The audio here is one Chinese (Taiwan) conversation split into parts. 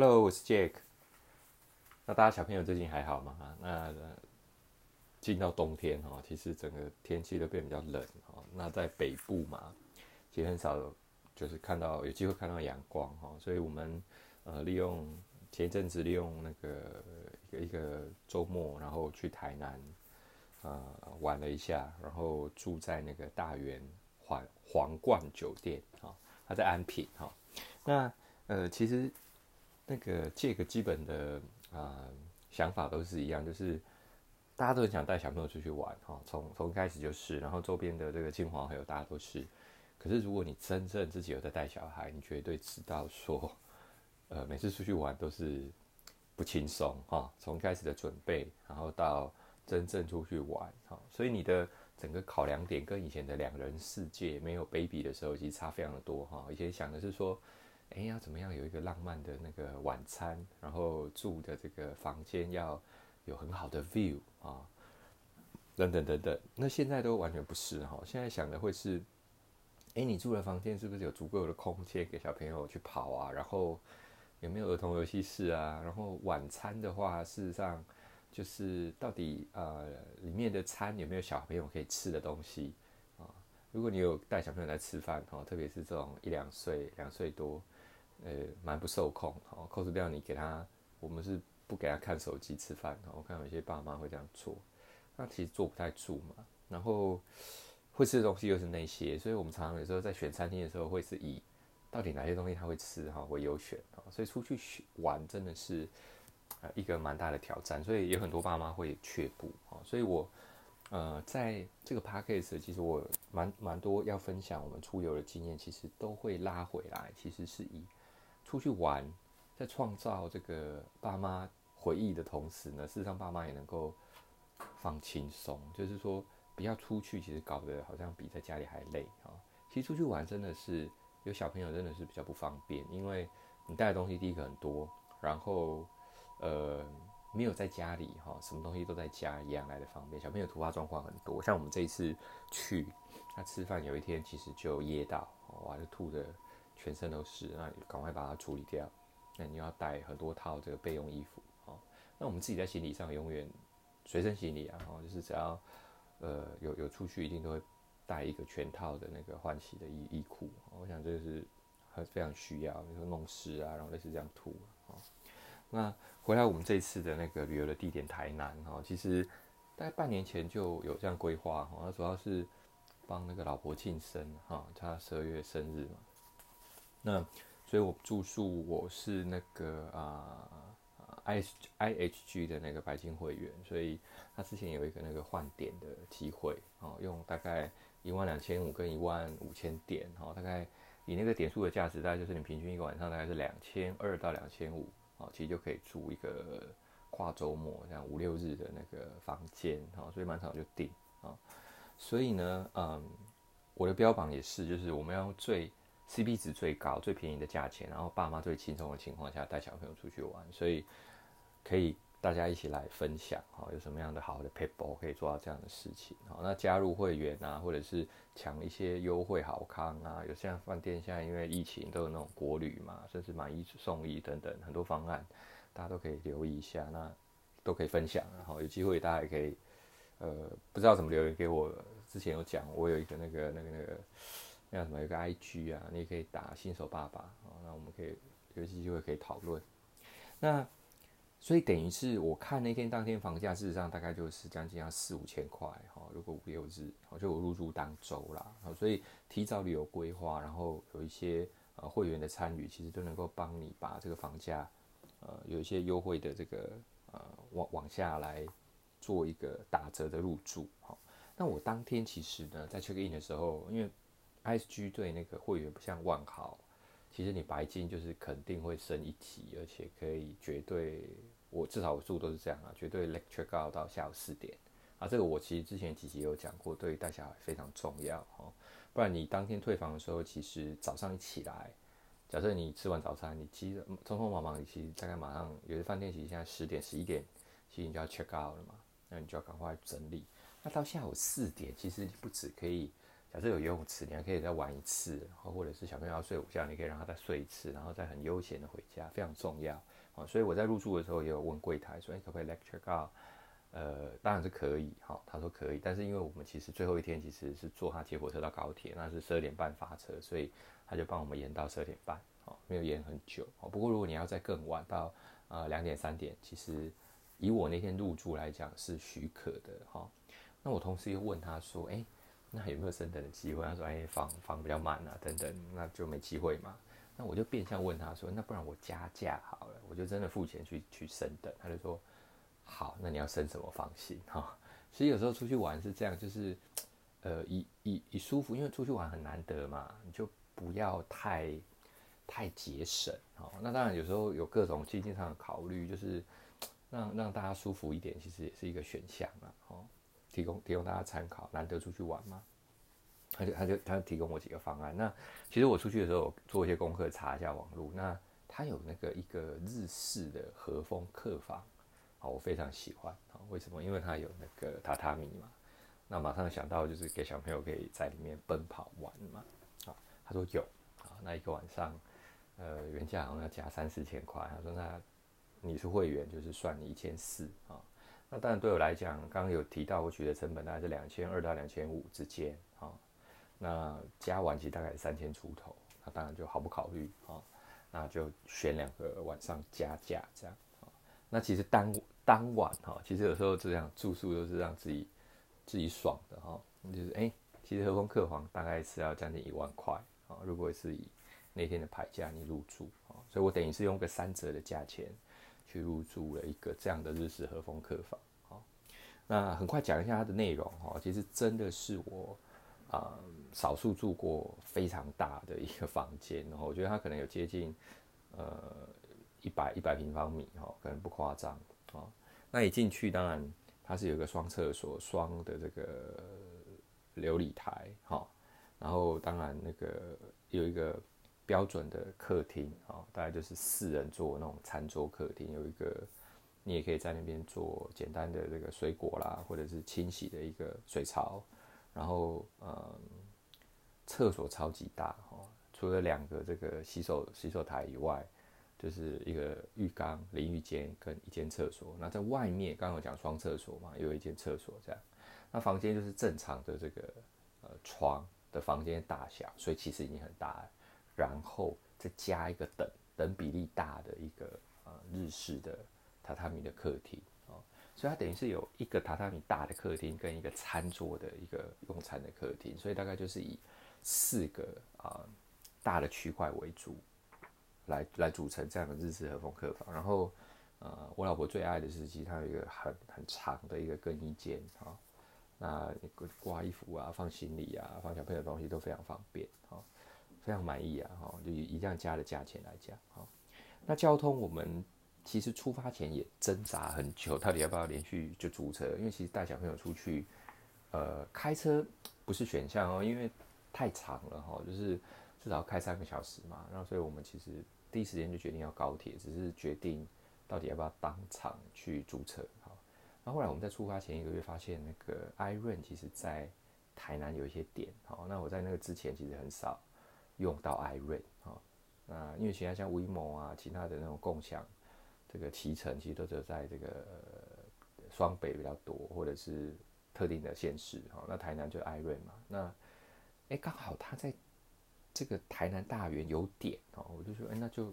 Hello，我是 Jack。那大家小朋友最近還好嗎？那進到冬天哦，其實整個天氣都變得比較冷哦。那在北部嘛，其實很少就是看到有機會看到陽光哦。所以我們呃利用前一陣子利用那個一個一個週末，然後去台南呃玩了一下，然後住在那個大員皇皇冠酒店啊，它在安平哈。那呃其實。那個，這個基本的啊、呃，想法都是一樣，就是大家都很想帶小朋友出去玩哈、哦，從從開始就是，然後周邊的這個親朋好友大家都是。可是如果你真正自己有在帶小孩，你絕對知道說，呃，每次出去玩都是不輕鬆哈、哦，從開始的準備，然後到真正出去玩哈、哦，所以你的整個考量點跟以前的兩人世界沒有 baby 的時候，其實差非常的多哈、哦。以前想的是說。哎，要怎麼樣有一個浪漫的那個晚餐？然後住的這個房間要有很好的 view 啊、哦，等等等等。那現在都完全不是哈、哦，現在想的會是：哎，你住的房間是不是有足夠的空間給小朋友去跑啊？然後有沒有兒童遊戲室啊？然後晚餐的話，事實上就是到底呃裡面的餐有沒有小朋友可以吃的東西啊、哦？如果你有帶小朋友來吃飯哈、哦，特別是這種一兩歲、兩歲多。呃，蠻不受控，好，扣掉你給他，我們是不給他看手機吃飯，我看有些爸媽會這樣做，那其實坐不太住嘛，然後會吃的東西又是那些，所以我們常常有時候在選餐廳的時候會是以到底哪些東西他會吃哈為優選，哈，所以出去玩真的是、呃、一個蠻大的挑戰，所以有很多爸媽會卻步，哈，所以我呃在這個 podcast 其實我蠻蠻多要分享我們出遊的經驗，其實都會拉回來，其實是以。出去玩，在創造這個爸媽回憶的同時呢，事實上爸媽也能夠放輕鬆。就是說，比較出去，其實搞得好像比在家裡還累哈、哦，其實出去玩真的是有小朋友，真的是比較不方便，因為你帶的東西第一個很多，然後呃沒有在家裡哈、哦，什麼東西都在家一樣來的方便。小朋友突發狀況很多，像我們這一次去，他吃飯有一天其實就噎到，哦、哇就吐的。全身都濕，那你趕快把它處理掉。那你又要帶很多套這個備用衣服哦，那我們自己在行李上永遠隨身行李啊，哈、哦，就是只要呃有有出去，一定都會帶一個全套的那個換洗的衣衣褲、哦。我想這是還非常需要，比如說弄濕啊，然後類似這樣吐、哦、那回來我們這一次的那個旅遊的地點台南哈、哦，其實大概半年前就有這樣規劃哈，那、哦、主要是幫那個老婆慶生哈，她十二月生日嘛。那所以，我住宿，我是那個啊、呃、，I H, I H G 的那個白金會員，所以他之前有一個那個換點的機會，啊、哦，用大概一萬兩千五跟一萬五千點，哦，大概以那個點數的價值，大概就是你平均一個晚上大概是兩千二到兩千五，啊、哦，其實就可以住一個跨周末這樣五六日的那個房間，哦，所以蠻早就訂。啊、哦，所以呢，嗯，我的標榜也是，就是我們要最、CP 值最高、最便宜的價錢，然後爸媽最輕鬆的情況下帶小朋友出去玩，所以可以大家一起來分享哈，有什麼樣的好的撇步可以做到這樣的事情哈，那加入會員啊，或者是搶一些優惠好康啊，有像飯店現在因為疫情都有那種國旅嘛，甚至買一送一等等很多方案，大家都可以留意一下，那都可以分享，然後有機會大家也可以呃，不知道怎麼留言給我，之前有講我有一個那個那個那個。那什麼有個 IG 啊，你也可以打新手爸爸、哦，那我們可以有機會可以討論。那所以等於是我看那天當天房價，事實上大概就是將近要四五千塊哈、哦。如果五六日，哦，就我入住當周啦、哦。所以提早旅遊規劃，然後有一些呃會員的參與，其實都能夠幫你把這個房價呃有一些優惠的這個呃往往下來做一個打折的入住哈、哦。那我當天其實呢，在 check in 的時候，因為 IHG 對那個會員不像萬豪，其實你白金就是肯定會升一級，而且可以絕對，我至少我住都是這樣啊，絕對 check out 到下午四點啊，這個我其實之前幾集有講過，對於帶小孩非常重要哦，不然你當天退房的時候，其實早上一起來，假設你吃完早餐，你其實匆匆忙忙，你其實大概馬上有些飯店其實現在十點、十一點，其實你就要 check out 了嘛，那你就要趕快整理，那到下午四點，其實你不止可以。假設有游泳池，你還可以再玩一次，然後或者是小朋友要睡午覺，你可以讓他再睡一次，然後再很悠閒的回家，非常重要、哦、所以我在入住的時候也有問櫃檯，說哎、欸，可不可以 late check out 啊？呃，當然是可以哈、哦。他說可以，但是因為我們其實最後一天其實是坐他接火車到高鐵，那是十二點半發車，所以他就幫我們延到十二點半、哦，沒有延很久、哦。不過如果你要再更晚到呃兩點三點，其實以我那天入住來講是許可的哈、哦。那我同時又問他說，哎、欸。那有沒有升等的機會？他說：“哎、欸，房房比較滿啊。」等等，那就沒機會嘛。”那我就變相問他說：“那不然我加價好了，我就真的付錢去去升等。”他就說：“好，那你要升什麼房型？哈、哦。”所以有時候出去玩是這樣，就是，呃，以以以舒服，因為出去玩很難得嘛，你就不要太太節省、哦。那當然有時候有各種經濟上的考慮，就是讓讓大家舒服一點，其實也是一個選項了、啊，哦提供提供大家參考，難得出去玩嗎？他就，他就他提供我幾個方案。那其實我出去的時候做一些功課，查一下網路。那他有那個一個日式的和風客房，啊，我非常喜歡啊。為什麼？因為他有那個榻榻米嘛。那馬上想到就是給小朋友可以在裡面奔跑玩嘛。啊，他說有啊。那一個晚上，呃，原價好像要加三四千塊。他說那你是會員，就是算你一千四啊。哦那當然對我來講，剛剛有提到我取的成本大概是兩千二到兩千五之間，哈、哦，那加完其實大概三千出頭，那當然就毫不考慮，哈、哦，那就選兩個晚上加價這樣，哦、那其實當當晚，哈、哦，其實有時候這樣住宿都是讓自己自己爽的，哈、哦，就是哎，其實和風客房大概是要將近一萬塊，啊、哦，如果是以那天的牌價你入住，啊、哦，所以我等於是用個三折的價錢。去入住了一個這樣的日式和風客房，哈，那很快講一下它的內容，哈，其實真的是我，啊、嗯、少數住過非常大的一個房間，然後我覺得它可能有接近，呃，一百一百平方米，哈，可能不誇張，啊，那一進去，當然它是有一個雙廁所、雙的這個琉璃台，哈，然後當然那個有一個。標準的客廳啊、哦，大概就是四人座那種餐桌客廳，有一個你也可以在那邊做簡單的這個水果啦，或者是清洗的一個水槽，然後嗯廁所超級大哦，除了兩個這個洗手洗手台以外，就是一個浴缸淋浴間跟一間廁所。那在外面剛剛有講雙廁所嘛，有一間廁所這樣，那房間就是正常的這個呃窗的房間大小，所以其實已經很大了。然後再加一個等等比例大的一個呃日式的榻榻米的客廳啊、哦，所以它等於是有一個榻榻米大的客廳跟一個餐桌的一個用餐的客廳，所以大概就是以四個啊、呃、大的區塊為主來，來來組成這樣的日式和風客房。然後呃我老婆最愛的是其實它有一個很很長的一個更衣間啊、哦，那掛衣服啊放行李啊放小朋友的東西都非常方便。非常滿意啊，哈，就以一輛加的價錢來講，哈，那交通我們其實出發前也掙扎很久，到底要不要連續就租車？因為其實帶小朋友出去，呃，開車不是選項哦、喔，因為太長了、喔，哈，就是至少要開三個小時嘛。那所以我們其實第一時間就決定要高鐵，只是決定到底要不要當場去租車，好。那後來我們在出發前一個月發現，那個 iRent 其實在台南有一些點，好，那我在那個之前其實很少。用到艾瑞哦，那因為其他像威猛啊，其他的那種共享這個騎乘，其實都只有在這個呃雙北比較多，或者是特定的縣市哦。那台南就艾瑞嘛，那哎剛、欸、好他在這個台南大員有點哦，我就說哎、欸、那就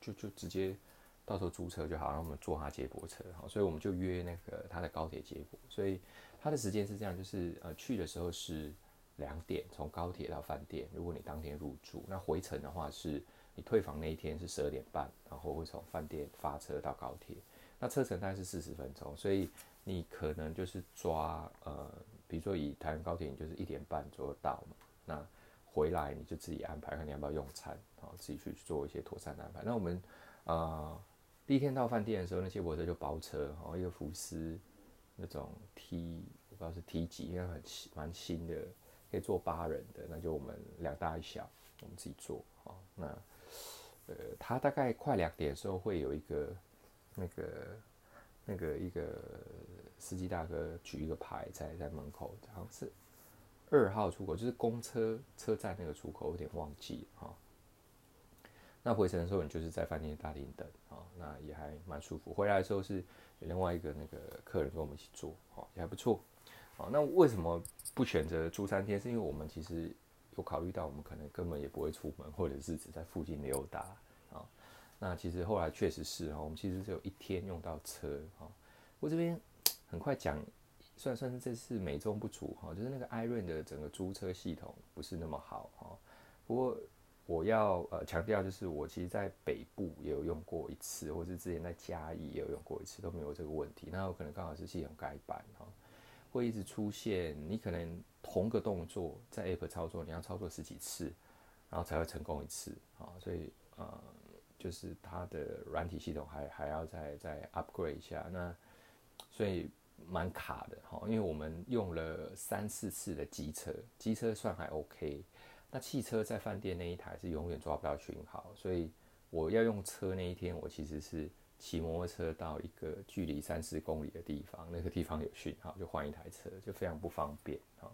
就就直接到時候租車就好，然後我們坐他接駁車好、哦，所以我們就約那個他的高鐵接駁，所以他的時間是這樣，就是呃去的時候是。兩點從高鐵到飯店。如果你當天入住，那回程的話是，你退房那一天是十二點半，然後會從飯店發車到高鐵，那車程大概是四十分鐘，所以你可能就是抓呃，比如說以台灣高鐵，你就是一點半左右到嘛，那回來你就自己安排，看你要不要用餐，然後自己去做一些妥善的安排。那我們呃第一天到飯店的時候，那些伯車就包車，然後一個福斯那種 T，我不知道是 T 幾，應該很新，蠻新的。可以坐八人的，那就我們兩大一小，我們自己坐啊、哦。那呃，他大概快兩點的時候會有一個那個那個一個司機大哥舉一個牌在在門口，好像是二號出口，就是公車車站那個出口，有點忘記哈、哦。那回程的時候，你就是在飯店大廳等啊、哦，那也還蠻舒服。回來的時候是有另外一個那個客人跟我們一起坐，好、哦，也還不錯。哦，那為什麼不選擇租三天？是因為我們其實有考慮到，我們可能根本也不會出門，或者是只在附近溜達。那其實後來確實是哈，我們其實只有一天用到車哈。我這邊很快講，算算，是這次美中不足哈，就是那個艾瑞的整個租車系統不是那麼好哈。不過我要呃強調就是，我其實，在北部也有用過一次，或是之前在嘉義也有用過一次，都沒有這個問題。那我可能剛好是系統改版哈。會一直出現，你可能同個動作在 app 操作，你要操作十幾次，然後才會成功一次啊、哦！所以呃、嗯，就是它的軟體系統還還要再再 upgrade 一下，那所以蠻卡的哈、哦。因為我們用了三四次的機車，機車算還 OK，那汽車在飯店那一台是永遠抓不到訊號，所以我要用車那一天，我其實是。騎摩托車到一個距離三十公里的地方，那個地方有訊號，好，就換一台車，就非常不方便，哦，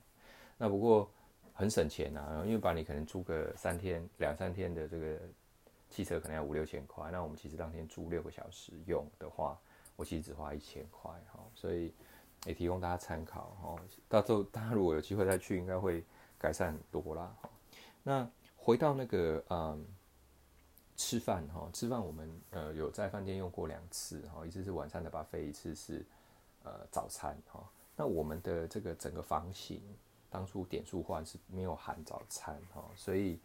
那不過很省錢吶、啊，因為把你可能租個三天，兩三天的這個汽車，可能要五六千塊。那我們其實當天租六個小時用的話，我其實只花一千塊哈，哦。所以也，欸，提供大家參考，到時候大家如果有機會再去，應該會改善很多啦。哦，那回到那個嗯。吃飯哈，吃飯我們呃有在飯店用過兩次哈，一次是晚餐的 buffet，一次是呃早餐哈、哦。那我們的這個整個房型當初點數換是沒有含早餐哈、哦，所以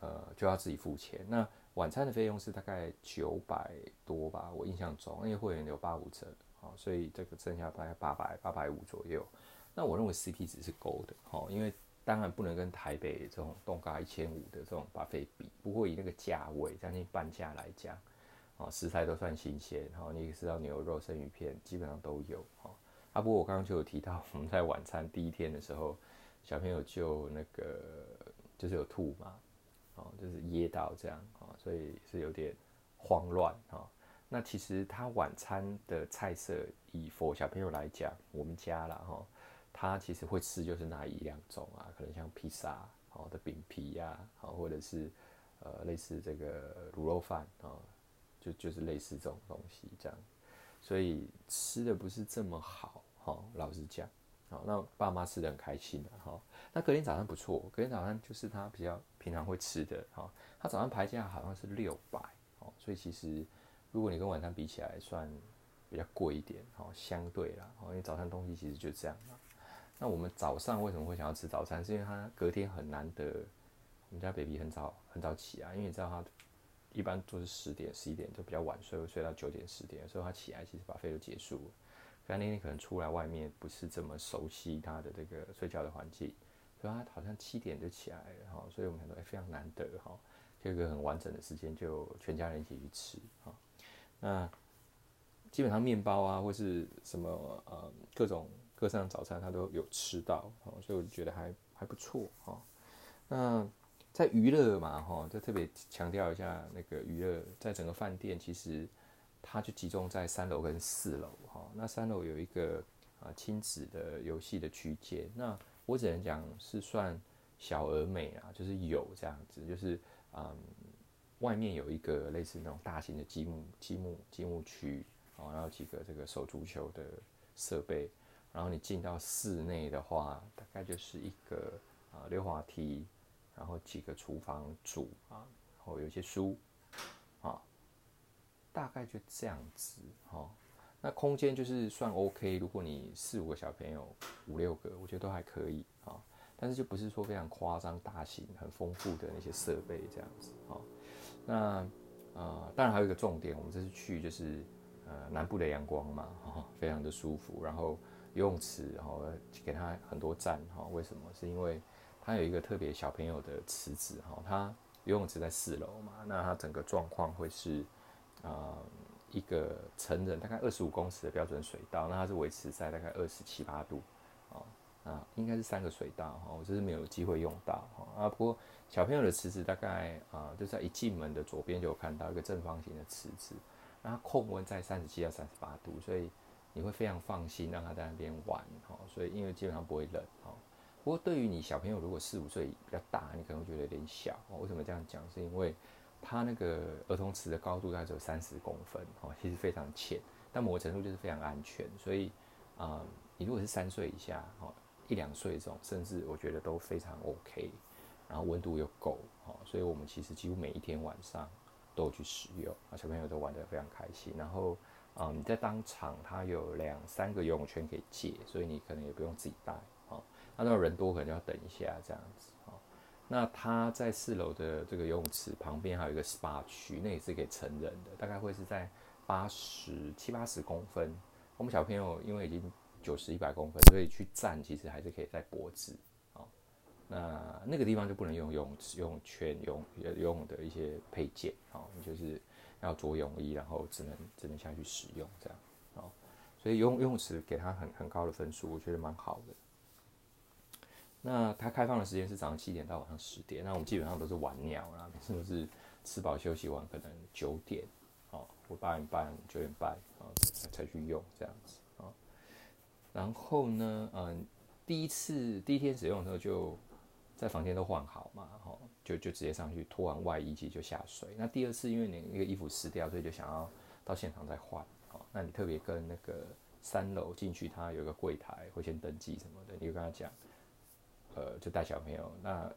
呃就要自己付錢。那晚餐的費用是大概九百多吧，我印象中因為會員有八五折，好、哦，所以這個剩下大概八百八百五左右。那我認為 CP 值是夠的，好，因為。當然不能跟台北這種凍高一千五的這種 buffet 比，不過以那個價位將近半價來講，哦，食材都算新鮮，然、哦、後你吃到牛肉、生魚片基本上都有，哦、啊，不過我剛剛就有提到，我們在晚餐第一天的時候，小朋友就那個就是有吐嘛，哦，就是噎到這樣，哦、所以是有點慌亂，哈、哦。那其實他晚餐的菜色，以佛小朋友來講，我們家啦，哈、哦。他其實會吃，就是那一兩種啊，可能像披薩、啊、哦的餅皮呀、啊，好、哦、或者是呃類似這個滷肉飯啊、哦，就就是類似這種東西這樣，所以吃的不是這麼好哈、哦，老實講，好、哦、那爸媽吃的很開心哈、啊哦。那隔天早上不錯，隔天早上就是他比較平常會吃的哈、哦，他早上牌價好像是六百哦，所以其實如果你跟晚餐比起來，算比較貴一點哦，相對啦，哦因為早餐東西其實就這樣嘛那我們早上為什麼會想要吃早餐？是因為他隔天很難得，我們家 baby 很早很早起啊，因為你知道他，一般都是十點、十一點都比較晚睡，會睡到九點、十點。所以他起來其實 buffet 就結束了，可那天可能出來外面不是這麼熟悉他的這個睡覺的環境，所以他好像七點就起來了哈。所以我們想說、欸、非常難得哈，有一個很完整的時間，就全家人一起去吃哈，那基本上面包啊，或是什麼呃各種。各上的早餐他都有吃到，哦，所以我覺得還還不錯哈。那在娛樂嘛，哈，就特別強調一下那個娛樂，在整個飯店其實它就集中在三樓跟四樓哈。那三樓有一個啊親子的遊戲的區間，那我只能講是算小而美啊，就是有這樣子，就是嗯，外面有一個類似那種大型的積木、積木、積木區，哦，然後幾個這個手足球的設備。然後你進到室內的話，大概就是一個啊溜滑梯，然後幾個廚房煮啊，然後有一些書啊，大概就這樣子哦、啊，那空間就是算 OK，如果你四五個小朋友、五六個，我覺得都還可以啊。但是就不是說非常誇張、大型、很豐富的那些設備這樣子哦、啊。那呃，當然還有一個重點，我們這次去就是呃南部的陽光嘛、啊，非常的舒服，然後。游泳池哈、哦，給他很多讚哈、哦。為什麼？是因為他有一個特別小朋友的池子哈、哦。他游泳池在四樓嘛，那他整個狀況會是啊、呃，一個成人大概二十五公尺的標準水道，那它是維持在大概二十七八度啊啊，哦、應該是三個水道哈。我、哦、就是沒有機會用到哈、哦、啊。不過小朋友的池子大概啊、呃，就是在一進門的左邊就有看到一個正方形的池子，那控溫在三十七到三十八度，所以。你會非常放心讓他在那邊玩，哈、哦，所以因為基本上不會冷，哈、哦。不過對於你小朋友如果四五歲比較大，你可能會覺得有點小。為什麼，這樣講？是因為他那個兒童池的高度大概只有三十公分，哈、哦，其實非常淺，但某個程度就是非常安全。所以，啊、呃，你如果是三歲以下，哈、哦，一兩歲這種，甚至我覺得都非常 OK。然後溫度又夠，哈、哦，所以我們其實幾乎每一天晚上都有去使用，啊，小朋友都玩得非常開心。然後。啊、哦，你在當場，他有兩三個游泳圈可以借，所以你可能也不用自己帶。好、哦，那如果人多，可能就要等一下這樣子。好、哦，那他在四樓的這個游泳池旁邊還有一個 SPA 區，那也是給成人的，大概會是在八十七八十公分。我們小朋友因為已經九十一百公分，所以去站其實還是可以在脖子。好、哦，那那個地方就不能用游泳游泳圈，游泳游泳的一些配件。好、哦，就是。要着泳衣，然後只能只能下去使用這樣，哦，所以游泳游泳池給他很很高的分數，我覺得蠻好的。那它開放的時間是早上七點到晚上十點，那我們基本上都是晚鳥啦，甚至吃飽休息完可能九點哦或八點半九點半啊才才去用這樣子啊、哦。然後呢，嗯，第一次第一天使用的時候就在房間都換好嘛，吼、哦。就就直接上去脫完外衣，直接就下水。那第二次，因為你那個衣服濕掉，所以就想要到現場再換。哦，那你特別跟那個三樓進去，他有個櫃檯會先登記什麼的，你就跟他講，呃，就帶小朋友。那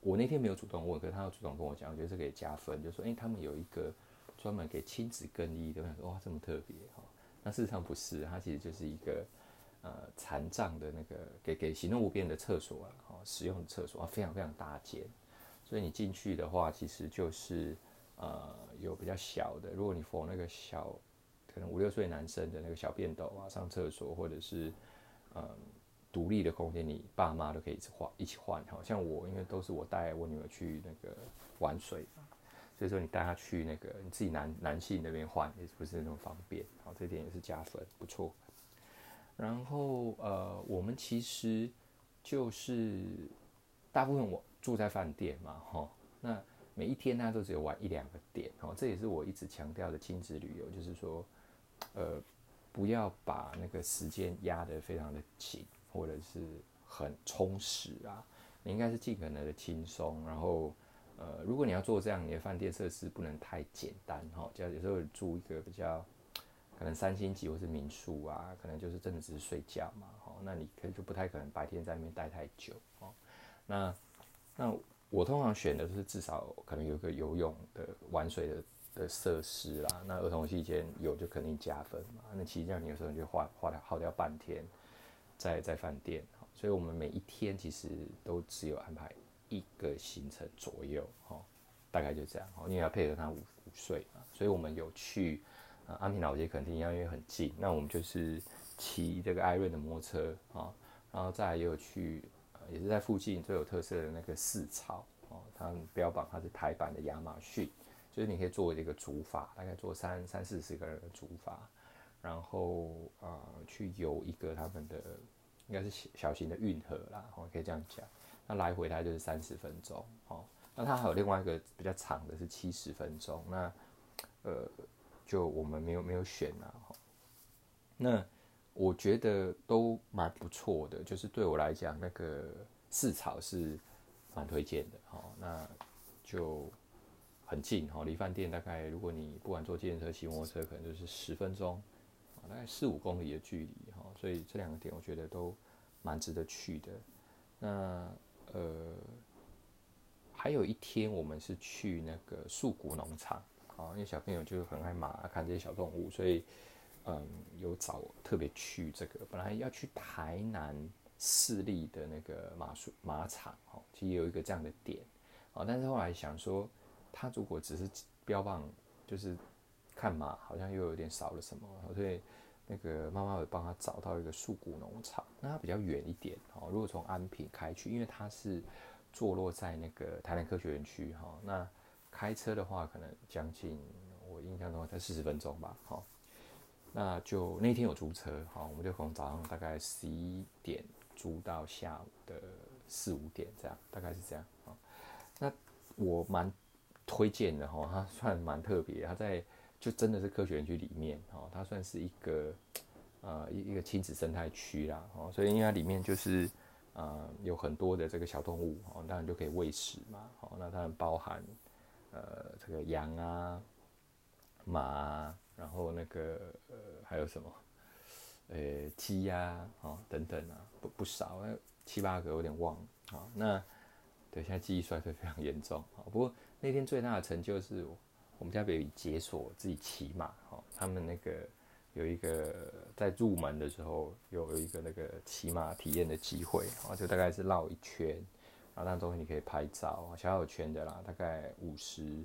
我那天沒有主動問，可是他有主動跟我講，我覺得這可以加分，就是說，誒、欸，他們有一個專門給親子更衣的，我想說，哇，這麼特別哦，那事實上不是，他其實就是一個呃殘障的那個給給行動不便的廁所啊，哦，使用的廁所啊，非常非常大間。所以你進去的話，其實就是，呃，有比較小的。如果你縫那個小，可能五六歲男生的那個小便斗啊，上廁所或者是，呃，獨立的空間，你爸媽都可以換一起換。好像我因為都是我帶我女兒去那個玩水，所以說你帶她去那個你自己男男性那邊換，也不是那麼方便。好，這點也是加分，不錯。然後呃，我們其實就是大部分我。住在飯店嘛，哈，那每一天呢都只有玩一兩個點，哦，這也是我一直強調的親子旅遊，就是說，呃，不要把那個時間壓得非常的緊，或者是很充實啊，你應該是盡可能的輕鬆。然後，呃，如果你要做這樣，你的飯店設施不能太簡單，哈，就有時候住一個比較，可能三星級或是民宿啊，可能就是真的只是睡覺嘛，哈，那你可以就不太可能白天在那邊待太久，哦，那。那我通常選的是至少可能有個游泳的玩水的的設施啦。那兒童期間有就肯定加分嘛。那其實這樣你有時候你就花花掉耗掉半天，在在飯店。所以我們每一天其實都只有安排一個行程左右，哦，大概就這樣。因為要配合他午午睡嘛，所以我們有去、呃、安平老街，肯定要，因為很近。那我們就是騎這個艾瑞的摩托車啊、哦，然後再也有去。也是在附近最有特色的那個市場哦，它標榜它是台版的亞馬遜，就是你可以坐一個竹筏，大概坐三三四十個人的竹筏，然後呃去遊一個他們的應該是小型的運河啦，哦、可以這樣講。那來回它就是三十分鐘哦，那它還有另外一個比較長的是七十分鐘，那呃就我們沒有沒有選啊，哦、那。我覺得都蠻不錯的，就是對我來講，那個四草是蠻推薦的哈。那就很近哈，離飯店大概，如果你不管坐自行車、騎摩托車，可能就是十分鐘，大概四五公里的距離哈。所以這兩個點我覺得都蠻值得去的。那呃，還有一天我們是去那個樹谷農場啊，因為小朋友就很愛馬，看這些小動物，所以。嗯，有找特別去這個，本來要去台南市立的那個馬術馬場哦，其實也有一個這樣的點哦，但是後來想說，他如果只是標榜就是看馬，好像又有點少了什麼，所以那個媽媽會幫他找到一個樹谷農場，那他比較遠一點哦。如果從安平開去，因為他是坐落在那個台南科學園區哈，那開車的話可能將近我印象中才四十分鐘吧，哈。那就那天有租車，好，我們就從早上大概十一點租到下午的四五點，這樣大概是這樣，那我蠻推薦的，哈，它算蠻特別，它在就真的是科學園區裡面，哦，它算是一個呃一一個親子生態區啦，哦，所以因為它裡面就是呃有很多的這個小動物，哦，當然就可以餵食嘛，哦，那它包含呃這個羊啊，馬啊。然後那個呃還有什麼，呃雞呀啊、哦、等等啊，不不少七八個有點忘了啊、哦、那對現在記憶衰退非常嚴重啊、哦、不過那天最大的成就是我們家北北解鎖自己騎馬哈、哦、他們那個有一個在入門的時候有有一個那個騎馬體驗的機會啊、哦、就大概是繞一圈然後，當中你可以拍照小小圈的啦，大概五十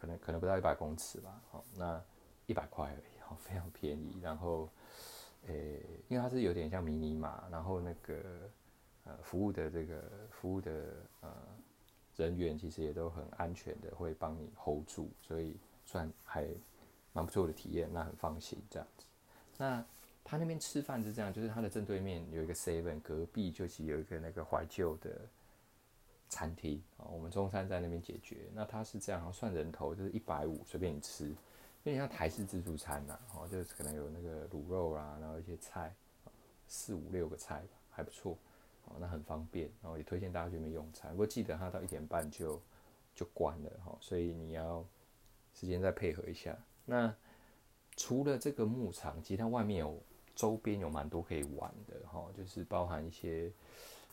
可能可能不到一百公尺吧好、哦、那。一百塊而已，非常便宜。然後，誒、欸，因為它是有點像迷你馬，然後那個呃服務的這個服務的呃人員其實也都很安全的，會幫你 hold 住，所以算還蠻不錯的體驗，那很放心這樣子。那他那邊吃飯是這樣，就是他的正對面有一個 seven，隔壁就是有一個那個懷舊的餐廳啊、哦。我們中餐在那邊解決，那他是這樣，算人頭就是一百五，隨便你吃。因為像台式自助餐吶、啊哦，就是可能有那個滷肉啊，然後一些菜，四五六個菜吧，還不錯、哦，那很方便，然、哦、後也推薦大家去那用餐。不過記得它到一點半就就關了，哈、哦，所以你要時間再配合一下。那除了這個牧場，其他外面有周邊有蠻多可以玩的，哈、哦，就是包含一些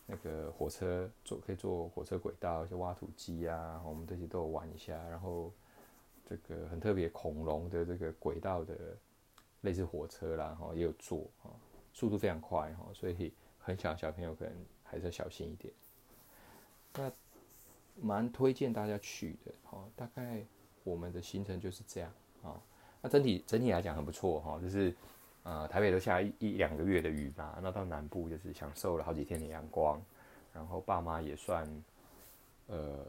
那個火車坐，可以坐火車軌道，一些挖土機啊、哦，我們這些都有玩一下，然後。這個很特別，恐龍的這個軌道的類似火車啦，哈、哦，也有坐哈、哦，速度非常快哈、哦，所以很小小朋友可能還是要小心一點。那蠻推薦大家去的，吼、哦，大概我們的行程就是這樣啊、哦。那整體整體來講很不錯哈、哦，就是啊、呃，台北都下一一兩個月的雨嘛，那到南部就是享受了好幾天的陽光，然後爸媽也算呃。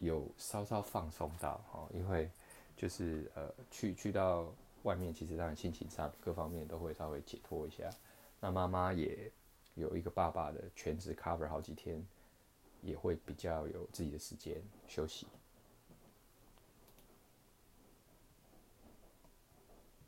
有稍稍放鬆到，吼，因為就是呃，去去到外面，其實當然心情上各方面都會稍微解脫一下。那媽媽也有一個爸爸的全職 cover 好幾天，也會比較有自己的時間休息。